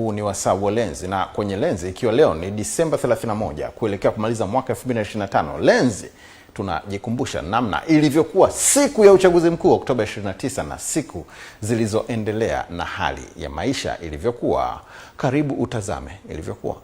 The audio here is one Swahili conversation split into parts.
Huu ni wasaa wa Lenzi na kwenye Lenzi, ikiwa leo ni Disemba 31 kuelekea kumaliza mwaka 2025, Lenzi tunajikumbusha namna ilivyokuwa siku ya uchaguzi mkuu Oktoba 29 na siku zilizoendelea na hali ya maisha ilivyokuwa. Karibu utazame ilivyokuwa.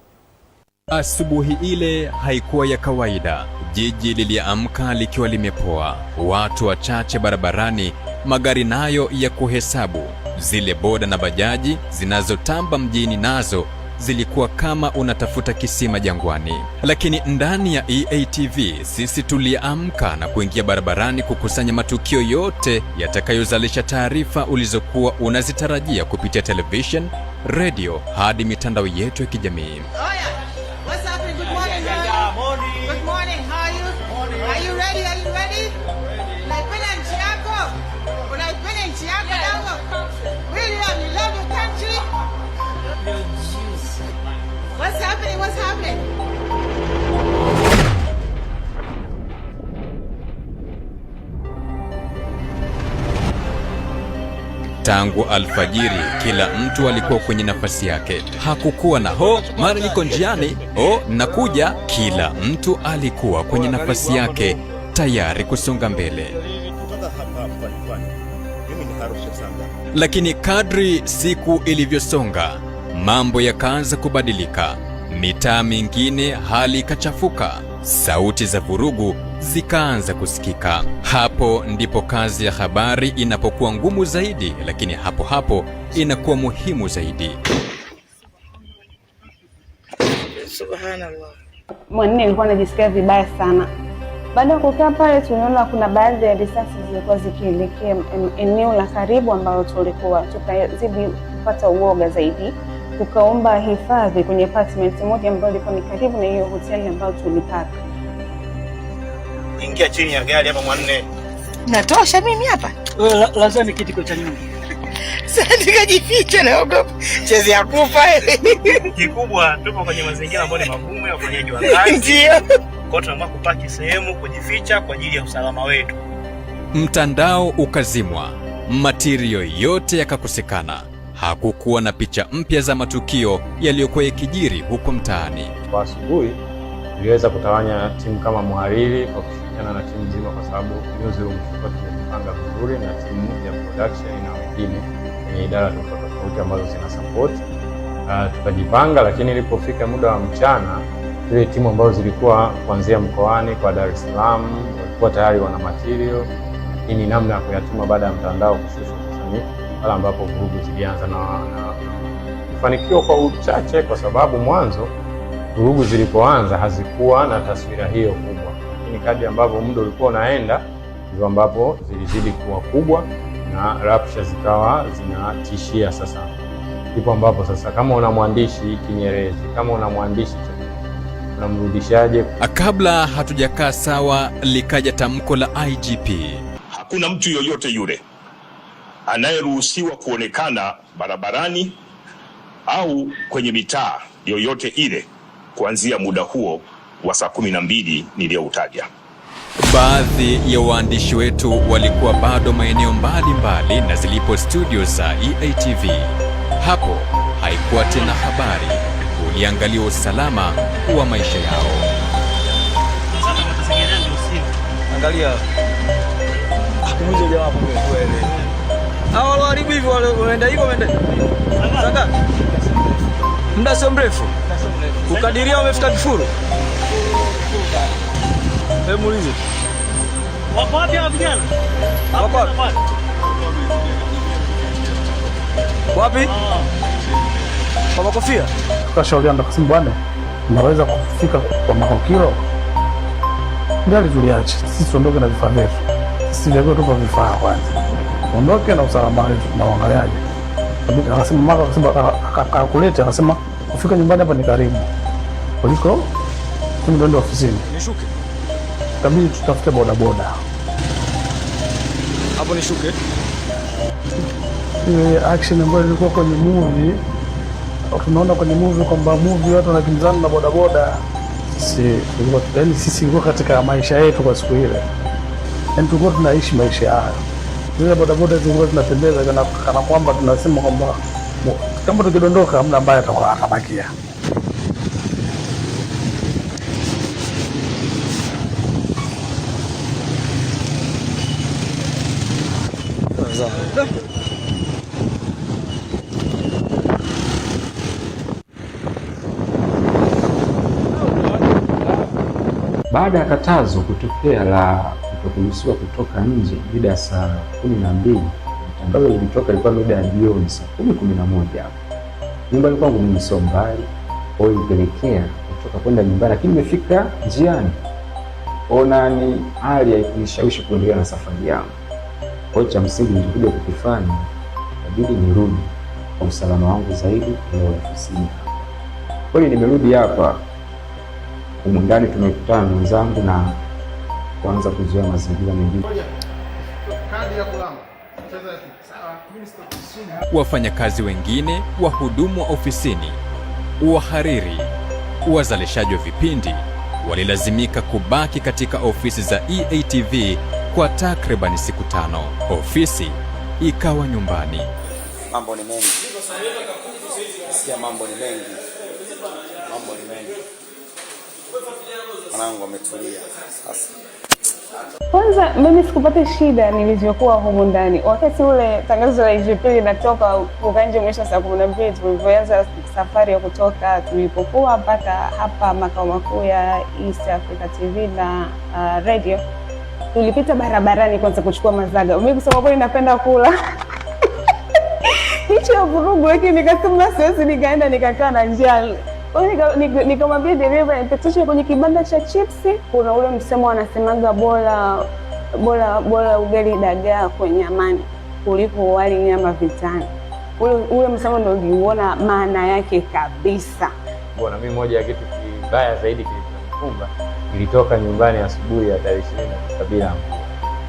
Asubuhi ile haikuwa ya kawaida. Jiji liliamka likiwa limepoa, watu wachache barabarani, magari nayo ya kuhesabu Zile boda na bajaji zinazotamba mjini nazo zilikuwa kama unatafuta kisima jangwani. Lakini ndani ya EATV sisi tuliamka na kuingia barabarani kukusanya matukio yote yatakayozalisha taarifa ulizokuwa unazitarajia kupitia television, redio hadi mitandao yetu ya kijamii. What's happening? What's happening? Tangu alfajiri kila mtu alikuwa kwenye nafasi yake. Hakukuwa na ho, mara niko njiani, ho, nakuja. Kila mtu alikuwa kwenye nafasi yake tayari kusonga mbele. Lakini kadri siku ilivyosonga Mambo yakaanza kubadilika, mitaa mingine hali ikachafuka, sauti za vurugu zikaanza kusikika. Hapo ndipo kazi ya habari inapokuwa ngumu zaidi, lakini hapo hapo inakuwa muhimu zaidi. Subhanallah. Mwanne alikuwa anajisikia vibaya sana. Baada ya kukaa pale, tuliona kuna baadhi ya risasi zilikuwa zikielekea eneo la karibu ambalo tulikuwa, tukazidi kupata uoga zaidi tukaomba hifadhi kwenye apartment moja ambayo ilikuwa ni karibu na hiyo hoteli ambayo tulipaka. Ingia chini ya gari hapa mwanne. Natosha mimi hapa. Wewe lazima ni kiti cha nyuma. Sasa nikajificha na naogopa. Chezi ya kufa. Kikubwa tupo kwenye mazingira ambayo ni magumu ya kwenye jua kali. Ndio. Kwa tunaamua kupaki sehemu kujificha kwa ajili ya usalama wetu. Mtandao ukazimwa, matirio yote yakakosekana hakukuwa na picha mpya za matukio yaliyokuwa yakijiri huko mtaani. Kwa asubuhi niliweza kutawanya timu kama mhariri kwa kushirikiana na timu nzima, kwa sababu newsroom tulikuwa tumejipanga vizuri na timu ya production na wengine kwenye idara tofauti tofauti ambazo zina support uh, tukajipanga. Lakini ilipofika muda wa mchana, zile timu ambazo zilikuwa kuanzia mkoani kwa Dar es Salaam walikuwa tayari wana material. Hii ni namna ya kuyatuma baada ya mtandao kushushwa pale ambapo vurugu zilianza, na kufanikiwa kwa uchache, kwa sababu mwanzo vurugu zilipoanza hazikuwa na taswira hiyo kubwa, lakini kadri ambavyo muda ulikuwa unaenda ndivyo ambapo zilizidi kuwa kubwa na rapsha zikawa zinatishia. Sasa ndipo ambapo sasa, kama una mwandishi Kinyerezi, kama una mwandishi unamrudishaje? Kabla hatujakaa sawa, likaja tamko la IGP, hakuna mtu yoyote yule anayeruhusiwa kuonekana barabarani au kwenye mitaa yoyote ile kuanzia muda huo wa saa kumi na mbili niliyoutaja. Baadhi ya waandishi wetu walikuwa bado maeneo mbalimbali na zilipo studio za EATV. Hapo haikuwa tena habari, uliangalia usalama wa maisha yao. Angalia. Hao waliharibu hivyo waenda hivyo wanaenda. sanga, muda sio mrefu. Ukadiria wamefika kifuru. Hebu muulize. Wako wapi hao vijana? Wako wapi? Wapi? Ah. Kwa makofia. Tukashauriana kasimu bwana, unaweza kufika kwa makokiro. Ndio alizuliache. Sisi tuondoke na vifaa vyetu. Sisi ndio tupo vifaa kwanza ondoke na usalama na uangaliaji. Akasema mama akakuleta, akasema kufika nyumbani hapa ni karibu kuliko kuenda ofisini, Nishuke itabidi tutafute boda boda hapo nishuke. Ile action ambayo ilikuwa kwenye movie, tunaona kwenye movie kwamba movie watu wanakimbizana na boda boda si bodaboda. Yaani sisi tulikuwa katika maisha yetu kwa siku ile, yaani tulikuwa tunaishi maisha hayo zile bodaboda zilikuwa zinatembeza kana kwamba tunasema kwamba kama tukidondoka hamna ambaye atakuwa atabakia. Baada ya katazo kutokea la kuruhusiwa kutoka nje mida ya saa kumi na mbili. Tangazo lilitoka ilikuwa mida ya jioni saa kumi kumi na moja. Nyumbani kwangu mimi sio mbali, kwao ilipelekea kutoka kwenda nyumbani, lakini imefika njiani onani hali haikunishawishi kuendelea na safari yangu. kwao cha msingi nilikuja kukifanya inabidi nirudi kwa usalama wangu zaidi leo ofisini. Kweli nimerudi hapa, humu ndani tumekutana mwenzangu na kuanza kuzoea mazingira mengine. Wafanyakazi wengine, wahudumu wa ofisini, wahariri, wazalishaji wa vipindi walilazimika kubaki katika ofisi za EATV kwa takribani siku tano. Ofisi ikawa nyumbani. Mambo ni mengi, sikia, mambo ni mengi, mambo ni mengi. Mwanangu ametulia sasa. Kwanza mimi sikupata shida nilivyokuwa humu ndani. Wakati ule tangazo la Jumapili natoka ukanje umesha saa kumi na mbili tulivyoanza safari ya kutoka tulipokuwa mpaka hapa makao makuu ya East Africa TV na uh, radio, tulipita barabarani kwanza kuchukua mazaga. Mimi kusema kweli napenda kula hicho ya vurugu, lakini nikasema siwezi nikaenda nikakaa na njaa nikamwambia dereva nipitishe kwenye kibanda cha chipsi. Kuna ule msemo wanasemaga bora bora bora ugali dagaa kwenye amani kuliko wali nyama vitani. Ule ule msemo ndio uliuona maana yake kabisa. Bwana, mimi moja ya kitu kibaya zaidi kilichonikumba, ilitoka nyumbani asubuhi ya tarehe 29 bila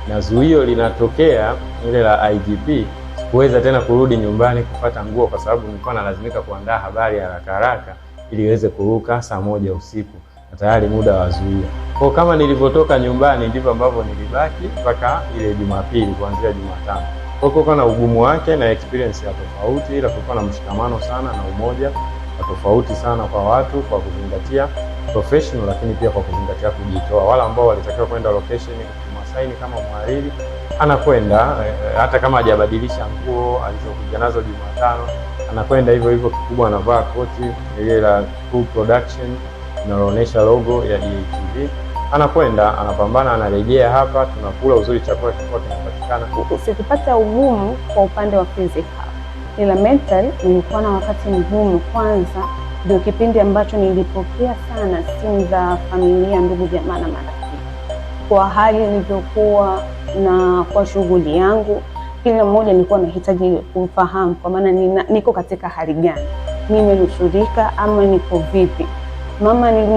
na zuio linatokea ile la IGP kuweza tena kurudi nyumbani kupata nguo, kwa sababu nilikuwa nalazimika kuandaa habari haraka haraka ili iweze kuruka saa moja usiku na tayari muda wa zuia. Kwa kama nilivyotoka nyumbani ndivyo ambavyo nilibaki mpaka ile Jumapili kuanzia Jumatano. Kwa kuwa na ugumu wake na experience ya tofauti, ila kulikuwa na mshikamano sana na umoja wa tofauti sana kwa watu kwa kuzingatia professional, lakini pia kwa kuzingatia kujitoa. Wale ambao walitakiwa kwenda location kumasaini kama mhariri anakwenda eh, hata kama hajabadilisha nguo alizokuja nazo Jumatano anakwenda hivyo hivyo, kikubwa anavaa koti ile la Cool Production linaloonyesha logo ya DATV, anakwenda anapambana, anarejea hapa, tunakula uzuri, chakula kikubwa kinapatikana huku. Sikupata ugumu kwa upande wa physical, ila mental nilikuwa na wakati mgumu. Kwanza ndio kipindi ambacho nilipokea sana simu za familia, ndugu, jamaa na marafiki kwa hali nilivyokuwa na kwa shughuli yangu kila mmoja nilikuwa nahitaji kumfahamu, kwa maana niko katika hali gani, nimenusurika ama niko vipi. Mama ni,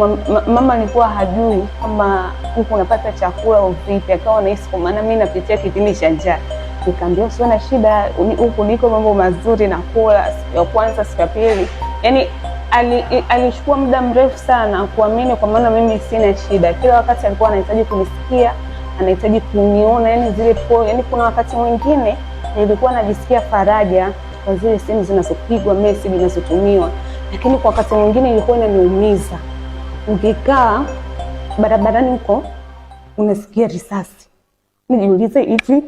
mama nilikuwa hajui kama huko unapata chakula au vipi, akawa nahisi kwa maana mimi napitia kipindi cha njaa. Nikaambia na shida, huku niko mambo mazuri, na siku ya kwanza, siku ya pili. Yani alichukua ali muda mrefu sana kuamini, kwa maana mimi sina shida. Kila wakati alikuwa anahitaji kunisikia anahitaji kuniona, yani zile po, yani kuna wakati mwingine nilikuwa najisikia faraja kwa zile simu zinazopigwa, message zinazotumiwa, lakini kwa wakati mwingine ilikuwa inaniumiza. Ukikaa barabarani huko unasikia risasi, nijiulize hivi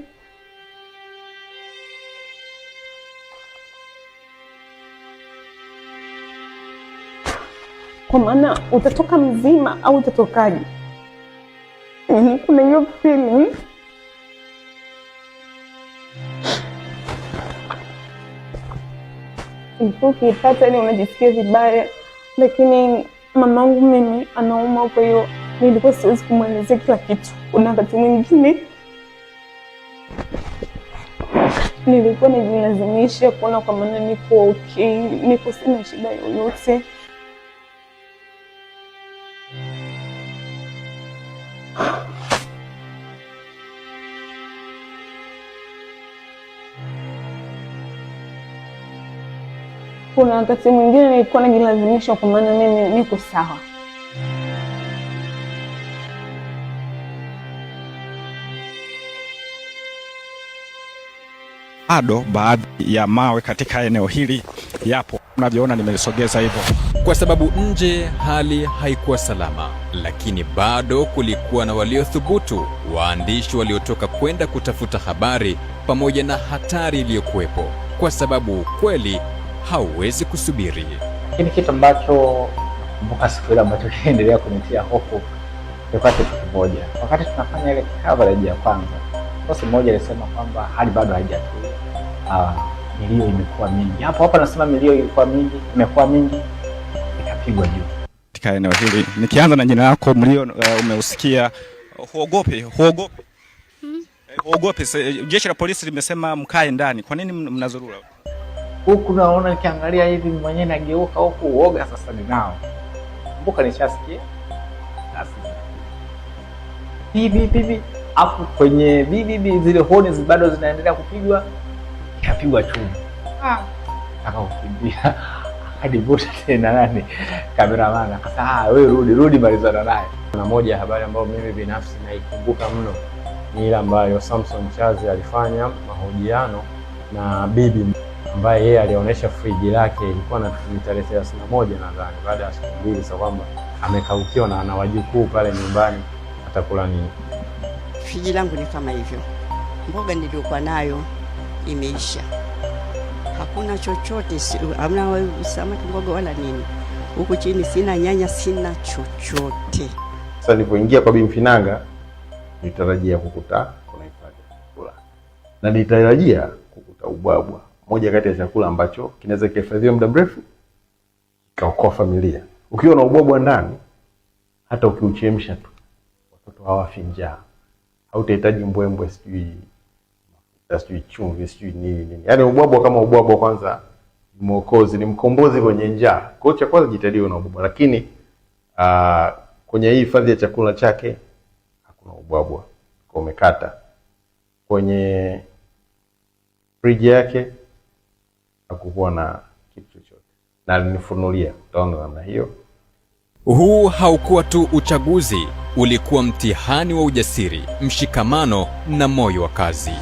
kwa maana utatoka mzima au utatokaje? kuna hiyo feeling ipo ukipata, yani vibaya, lakini mamangu mimi anauma, kwa hiyo nilikuwa siwezi kumwelezea kila kitu. Kuna wakati mwingine nilikuwa najilazimisha kuona kwa maana niko okay, niko sina shida yoyote. kuna wakati mwingine nilikuwa najilazimisha kwa maana mimi niko sawa. Bado baadhi ya mawe katika eneo hili yapo, mnavyoona nimelisogeza hivyo, kwa sababu nje hali haikuwa salama, lakini bado kulikuwa na waliothubutu, waandishi waliotoka kwenda kutafuta habari, pamoja na hatari iliyokuwepo, kwa sababu ukweli hauwezi kusubiri. Kini kitu ambacho kumbuka siku ile ambacho kinaendelea kunitia hofu ilikuwa kitu kimoja. Wakati tunafanya ile coverage ya kwanza, bosi mmoja alisema kwamba hali bado haijatulia, uh, milio imekuwa mingi. Hapo hapo anasema milio ilikuwa mingi, imekuwa mingi, ikapigwa juu katika eneo hili. Nikianza na jina lako, mlio uh, umeusikia, huogope, huogope hmm? eh, huogope. Jeshi la polisi limesema mkae ndani. Kwa nini mnazurura? huku naona nikiangalia hivi mwenyewe nageuka huku uoga sasa ninao. Kumbuka nishasikia bibi bibi hapo kwenye bibi bibi, zile honi bado zinaendelea kupigwa, ikapigwa chuma ah, akakukimbia akadibota tena nani kameramana, akasema ah, wewe rudi rudi, malizana naye. Na moja ya habari ambayo mimi binafsi naikumbuka mno ni ile ambayo Samson Chazi alifanya mahojiano na bibi ambaye yeye alionyesha friji lake ilikuwa na tarehe thelathini na moja nadhani, baada ya siku mbili sa kwamba amekaukiwa na ana wajukuu pale nyumbani, atakula nini? Friji langu ni kama hivyo, mboga niliyokuwa nayo imeisha, hakuna chochote, hamna samaki, mboga wala nini, huku chini sina nyanya, sina chochote. Sasa nilipoingia kwa bimfinanga nitarajia nilitarajia kukuta kuna hifadhi ya chakula na nilitarajia kukuta ubwabwa moja kati ya chakula ambacho kinaweza kihifadhiwa muda mrefu kaokoa familia. Ukiwa na ubwabwa ndani, hata ukiuchemsha tu watoto hawafi njaa, hautahitaji mbwembwe, sijui mafuta, sijui chumvi, sijui nini nini. Yaani ubwabwa kama ubwabwa, kwanza ni mwokozi, ni mkombozi kwenye njaa. Kwa hiyo cha kwanza jitahidi na ubwabwa, lakini aa, ah, kwenye hii hifadhi ya chakula chake hakuna ubwabwa, kwa umekata kwenye friji yake hakukuwa na kitu chochote, na alinifunulia utaona namna hiyo. Huu haukuwa tu uchaguzi, ulikuwa mtihani wa ujasiri, mshikamano na moyo wa kazi.